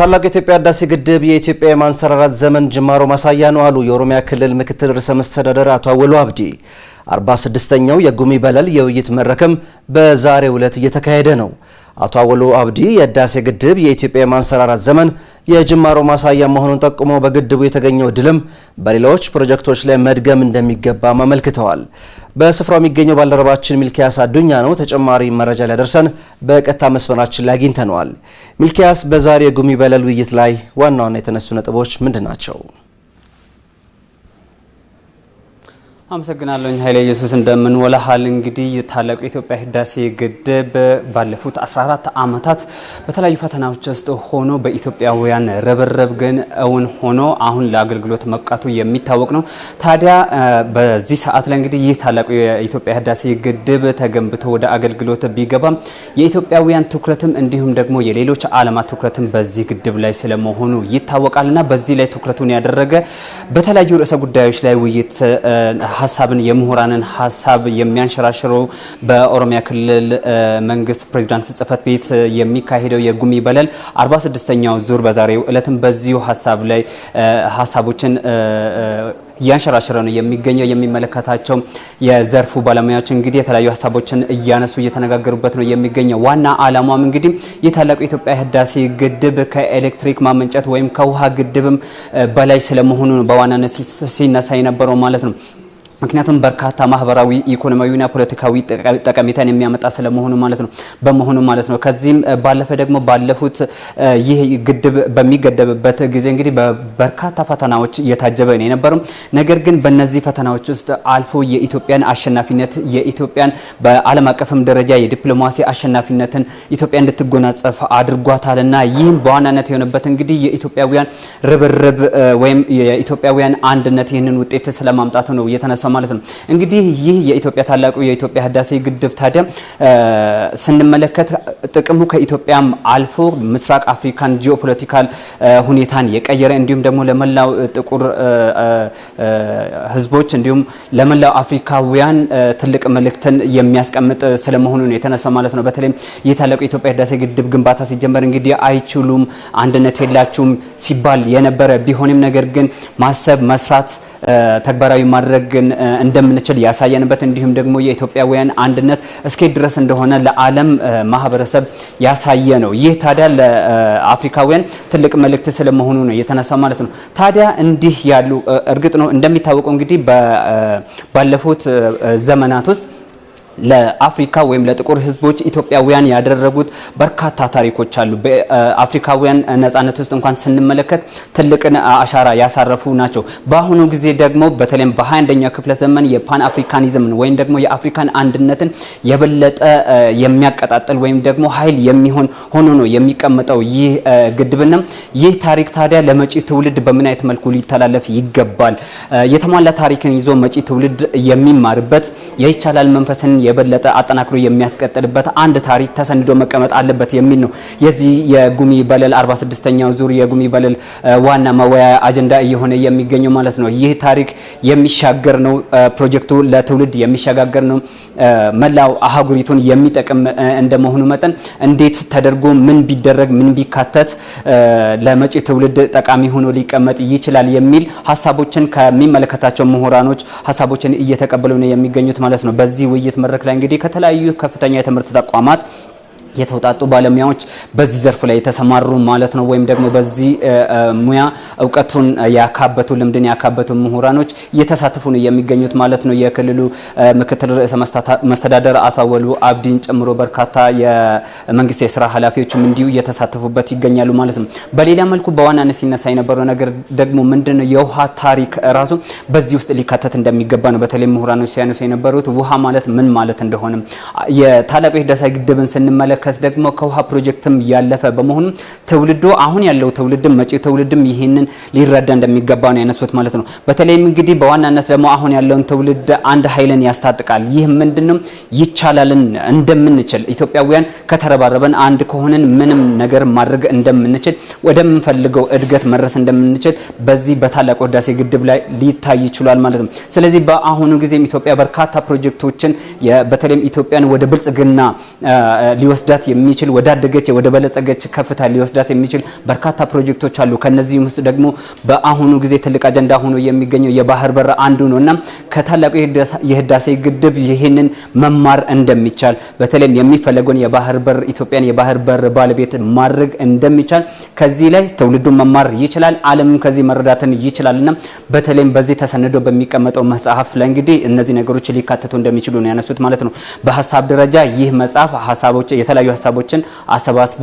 ታላቁ የኢትዮጵያ ህዳሴ ግድብ የኢትዮጵያ የማንሰራራት ዘመን ጅማሮ ማሳያ ነው አሉ የኦሮሚያ ክልል ምክትል ርዕሰ መስተዳደር አቶ አወሎ አብዲ። 46ኛው የጉሚ በለል የውይይት መድረክም በዛሬው ዕለት እየተካሄደ ነው። አቶ አወሎ አብዲ የህዳሴ ግድብ የኢትዮጵያ የማንሰራራት ዘመን የጅማሮ ማሳያ መሆኑን ጠቁሞ በግድቡ የተገኘው ድልም በሌሎች ፕሮጀክቶች ላይ መድገም እንደሚገባ አመልክተዋል። በስፍራው የሚገኘው ባልደረባችን ሚልኪያስ አዱኛ ነው። ተጨማሪ መረጃ ሊያደርሰን በቀጥታ መስመራችን ላይ አግኝተነዋል። ሚልኪያስ፣ በዛሬ የጉሚ በለል ውይይት ላይ ዋና ዋና የተነሱ ነጥቦች ምንድን ናቸው? አመሰግናለሁኝ ኃይለ ኢየሱስ እንደምን ወለሃል። እንግዲህ ታላቁ የኢትዮጵያ ህዳሴ ግድብ ባለፉት 14 ዓመታት በተለያዩ ፈተናዎች ውስጥ ሆኖ በኢትዮጵያውያን ርብርብ ግን እውን ሆኖ አሁን ለአገልግሎት መብቃቱ የሚታወቅ ነው። ታዲያ በዚህ ሰዓት ላይ እንግዲህ ይህ ታላቁ የኢትዮጵያ ህዳሴ ግድብ ተገንብቶ ወደ አገልግሎት ቢገባም የኢትዮጵያውያን ትኩረትም እንዲሁም ደግሞ የሌሎች ዓለማት ትኩረትም በዚህ ግድብ ላይ ስለመሆኑ ይታወቃልና በዚህ ላይ ትኩረቱን ያደረገ በተለያዩ ርዕሰ ጉዳዮች ላይ ውይይት ሀሳብን የምሁራንን ሀሳብ የሚያንሸራሽሩ በኦሮሚያ ክልል መንግስት ፕሬዚዳንት ጽህፈት ቤት የሚካሄደው የጉሚ በለል 46ኛው ዙር በዛሬው እለትም በዚሁ ሀሳብ ላይ ሀሳቦችን እያንሸራሸረ ነው የሚገኘው። የሚመለከታቸው የዘርፉ ባለሙያዎች እንግዲህ የተለያዩ ሀሳቦችን እያነሱ እየተነጋገሩበት ነው የሚገኘው። ዋና ዓላማም እንግዲህ ይህ ታላቁ የኢትዮጵያ ህዳሴ ግድብ ከኤሌክትሪክ ማመንጨት ወይም ከውሃ ግድብም በላይ ስለመሆኑ በዋናነት ሲነሳ የነበረው ማለት ነው። ምክንያቱም በርካታ ማህበራዊ ኢኮኖሚያዊና ፖለቲካዊ ጠቀሜታን የሚያመጣ ስለመሆኑ ማለት ነው በመሆኑ ማለት ነው። ከዚህም ባለፈ ደግሞ ባለፉት ይህ ግድብ በሚገደብበት ጊዜ እንግዲህ በበርካታ ፈተናዎች እየታጀበ ነው የነበረው። ነገር ግን በእነዚህ ፈተናዎች ውስጥ አልፎ የኢትዮጵያን አሸናፊነት የኢትዮጵያን በዓለም አቀፍም ደረጃ የዲፕሎማሲ አሸናፊነትን ኢትዮጵያ እንድትጎናጸፍ አድርጓታልና ይህም በዋናነት የሆነበት እንግዲህ የኢትዮጵያውያን ርብርብ ወይም የኢትዮጵያውያን አንድነት ይህንን ውጤት ስለማምጣቱ ነው እየተነሳ ማለት ነው። እንግዲህ ይህ የኢትዮጵያ ታላቁ የኢትዮጵያ ህዳሴ ግድብ ታዲያ ስንመለከት ጥቅሙ ከኢትዮጵያም አልፎ ምስራቅ አፍሪካን ጂኦፖለቲካል ሁኔታን የቀየረ እንዲሁም ደግሞ ለመላው ጥቁር ህዝቦች እንዲሁም ለመላው አፍሪካውያን ትልቅ መልእክትን የሚያስቀምጥ ስለመሆኑ ነው የተነሳው ማለት ነው። በተለይም ይህ ታላቁ የኢትዮጵያ ህዳሴ ግድብ ግንባታ ሲጀመር እንግዲህ አይችሉም፣ አንድነት የላችሁም ሲባል የነበረ ቢሆንም ነገር ግን ማሰብ መስራት ተግባራዊ ማድረግን እንደምንችል ያሳየንበት እንዲሁም ደግሞ የኢትዮጵያውያን አንድነት እስኬት ድረስ እንደሆነ ለዓለም ማህበረሰብ ያሳየ ነው። ይህ ታዲያ ለአፍሪካውያን ትልቅ መልእክት ስለመሆኑ ነው የተነሳው ማለት ነው። ታዲያ እንዲህ ያሉ እርግጥ ነው እንደሚታወቀው እንግዲህ ባለፉት ዘመናት ውስጥ ለአፍሪካ ወይም ለጥቁር ህዝቦች ኢትዮጵያውያን ያደረጉት በርካታ ታሪኮች አሉ። በአፍሪካውያን ነጻነት ውስጥ እንኳን ስንመለከት ትልቅን አሻራ ያሳረፉ ናቸው። በአሁኑ ጊዜ ደግሞ በተለይም በ 21 ኛው ክፍለ ዘመን የፓን አፍሪካኒዝምን ወይም ደግሞ የአፍሪካን አንድነትን የበለጠ የሚያቀጣጥል ወይም ደግሞ ኃይል የሚሆን ሆኖ ነው የሚቀመጠው ይህ ግድብና ይህ ታሪክ ታዲያ ለመጪ ትውልድ በምን አይነት መልኩ ሊተላለፍ ይገባል? የተሟላ ታሪክን ይዞ መጪ ትውልድ የሚማርበት የይቻላል መንፈስን የበለጠ አጠናክሮ የሚያስቀጥልበት አንድ ታሪክ ተሰንዶ መቀመጥ አለበት የሚል ነው የዚህ የጉሚ በለል 46ኛው ዙር የጉሚ በለል ዋና መወያ አጀንዳ እየሆነ የሚገኘው ማለት ነው። ይህ ታሪክ የሚሻገር ነው። ፕሮጀክቱ ለትውልድ የሚሸጋገር ነው። መላው አህጉሪቱን የሚጠቅም እንደመሆኑ መጠን እንዴት ተደርጎ ምን ቢደረግ ምን ቢካተት ለመጪ ትውልድ ጠቃሚ ሆኖ ሊቀመጥ ይችላል የሚል ሀሳቦችን ከሚመለከታቸው ምሁራኖች ሀሳቦችን እየተቀበሉ ነው የሚገኙት ማለት ነው በዚህ ውይይት መድረክ መድረክ ላይ እንግዲህ ከተለያዩ ከፍተኛ የትምህርት ተቋማት የተውጣጡ ባለሙያዎች በዚህ ዘርፍ ላይ የተሰማሩ ማለት ነው። ወይም ደግሞ በዚህ ሙያ እውቀቱን ያካበቱ ልምድን ያካበቱ ምሁራኖች እየተሳተፉ ነው የሚገኙት ማለት ነው። የክልሉ ምክትል ርዕሰ መስተዳደር አቶ አወሉ አብዲን ጨምሮ በርካታ የመንግስት የስራ ኃላፊዎችም እንዲሁ እየተሳተፉበት ይገኛሉ ማለት ነው። በሌላ መልኩ በዋናነት ሲነሳ የነበረው ነገር ደግሞ ምንድን ነው የውሃ ታሪክ ራሱ በዚህ ውስጥ ሊካተት እንደሚገባ ነው። በተለይ ምሁራኖች ሲያነሱ የነበሩት ውሃ ማለት ምን ማለት እንደሆነ የታላቁ የህዳሴ ግድብን ስንመለከት ሲመለከት ደግሞ ከውሃ ፕሮጀክትም ያለፈ በመሆኑ ትውልዱ አሁን ያለው ትውልድም መጪ ትውልድም ይህንን ሊረዳ እንደሚገባ ነው ያነሱት ማለት ነው። በተለይም እንግዲህ በዋናነት ደግሞ አሁን ያለውን ትውልድ አንድ ኃይልን ያስታጥቃል። ይህ ምንድነው? ይቻላልን እንደምንችል ኢትዮጵያውያን ከተረባረበን አንድ ከሆንን ምንም ነገር ማድረግ እንደምንችል ወደምንፈልገው እድገት መድረስ እንደምንችል በዚህ በታላቁ ህዳሴ ግድብ ላይ ሊታይ ይችላል ማለት ነው። ስለዚህ በአሁኑ ጊዜም ኢትዮጵያ በርካታ ፕሮጀክቶችን በተለይም ኢትዮጵያን ወደ ብልጽግና ሊወስድ ሊወስዳት የሚችል ወዳደገች ወደ በለጸገች ከፍታ ሊወስዳት የሚችል በርካታ ፕሮጀክቶች አሉ። ከነዚህም ውስጥ ደግሞ በአሁኑ ጊዜ ትልቅ አጀንዳ ሆኖ የሚገኘው የባህር በር አንዱ ነው እና ከታላቁ የህዳሴ ግድብ ይህንን መማር እንደሚቻል በተለይም የሚፈለገውን የባህር በር ኢትዮጵያን የባህር በር ባለቤት ማድረግ እንደሚቻል ከዚህ ላይ ትውልዱን መማር ይችላል። ዓለምም ከዚህ መረዳትን ይችላል እና በተለይም በዚህ ተሰንዶ በሚቀመጠው መጽሐፍ ላይ እንግዲህ እነዚህ ነገሮች ሊካተቱ እንደሚችሉ ነው ያነሱት ማለት ነው። በሀሳብ ደረጃ ይህ መጽሐፍ ሀሳቦች የተለ የተለያዩ ሀሳቦችን አሰባስቦ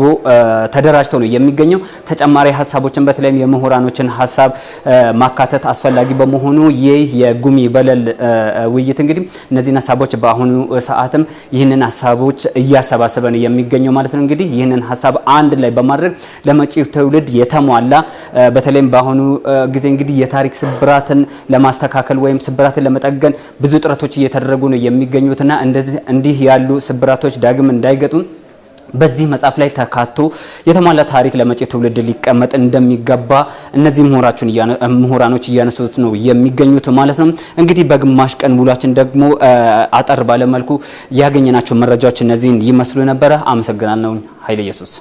ተደራጅቶ ነው የሚገኘው። ተጨማሪ ሀሳቦችን በተለይም የምሁራኖችን ሀሳብ ማካተት አስፈላጊ በመሆኑ ይህ የጉሚ በለል ውይይት እንግዲህ እነዚህን ሀሳቦች በአሁኑ ሰዓትም ይህንን ሀሳቦች እያሰባሰበ ነው የሚገኘው ማለት ነው። እንግዲህ ይህንን ሀሳብ አንድ ላይ በማድረግ ለመጪው ትውልድ የተሟላ በተለይም በአሁኑ ጊዜ እንግዲህ የታሪክ ስብራትን ለማስተካከል ወይም ስብራትን ለመጠገን ብዙ ጥረቶች እየተደረጉ ነው የሚገኙትና እንደዚህ እንዲህ ያሉ ስብራቶች ዳግም እንዳይገጡም በዚህ መጽሐፍ ላይ ተካቶ የተሟላ ታሪክ ለመጪ ትውልድ ሊቀመጥ እንደሚገባ እነዚህ ምሁራችን ምሁራኖች እያነሱት ነው የሚገኙት ማለት ነው። እንግዲህ በግማሽ ቀን ውሏችን ደግሞ አጠር ባለመልኩ ያገኘናቸው መረጃዎች እነዚህን ይመስሉ ነበረ። አመሰግናለሁ። ኃይለ ኢየሱስ